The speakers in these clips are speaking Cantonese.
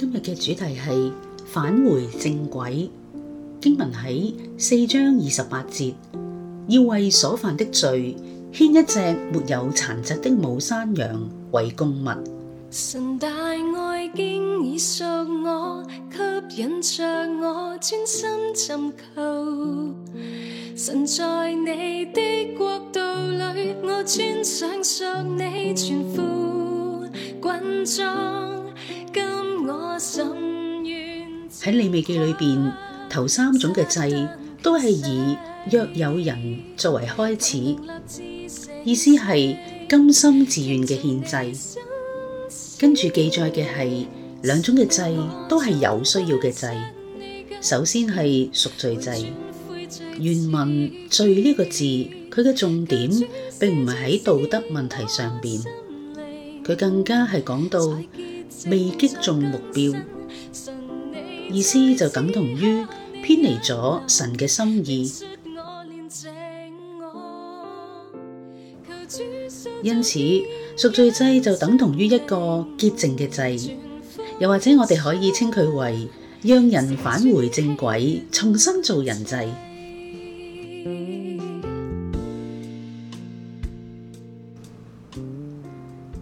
今日嘅主題係返回正軌，經文喺四章二十八節，要為所犯的罪牽一隻沒有殘疾的母山羊為供物。神大愛經已屬我，吸引着我專心尋求。神在你的國度裏，我穿上着你全副軍裝。喺《利未記》裏邊，頭三種嘅祭都係以若有人作為開始，意思係甘心自願嘅獻祭。跟住記載嘅係兩種嘅祭，都係有需要嘅祭。首先係贖罪祭，原文「罪」呢個字，佢嘅重點並唔係喺道德問題上邊，佢更加係講到。未擊中目標，意思就等同於偏離咗神嘅心意。因此贖罪祭就等同於一個潔淨嘅祭。又或者我哋可以稱佢為「讓人返回正軌，重新做人祭」。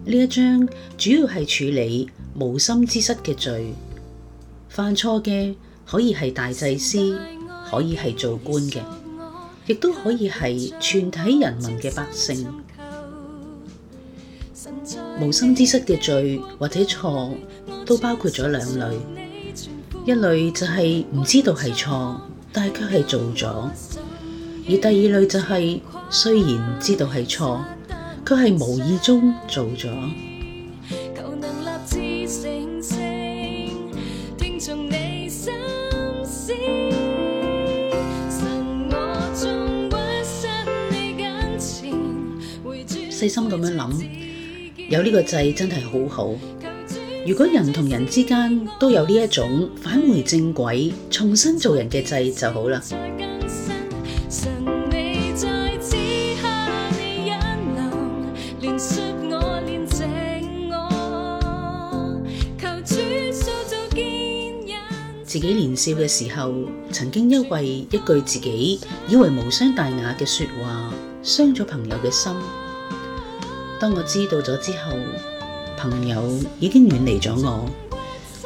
呢一章主要係處理。無心之失嘅罪，犯錯嘅可以係大祭司，可以係做官嘅，亦都可以係全體人民嘅百姓。無心之失嘅罪或者錯，都包括咗兩類，一類就係唔知道係錯，但係佢係做咗；而第二類就係雖然知道係錯，佢係無意中做咗。細心咁樣諗，有呢個祭真係好好。如果人同人之間都有呢一種返回正軌、重新做人嘅祭就好啦。自己年少嘅時候，曾經因為一句自己以為無傷大雅嘅說話，傷咗朋友嘅心。當我知道咗之後，朋友已經遠離咗我，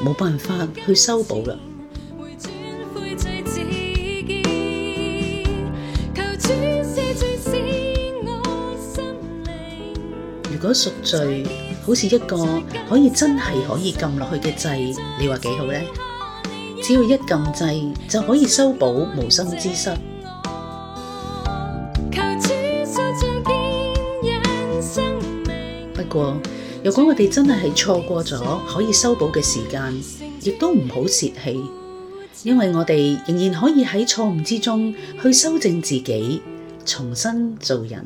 冇辦法去修補啦 如果贖罪好似一個可以真係可以撳落去嘅掣，你話幾好呢？只要一撳掣，就可以修補無心之失。不過，如果我哋真係係錯過咗可以修補嘅時間，亦都唔好泄氣，因為我哋仍然可以喺錯誤之中去修正自己，重新做人。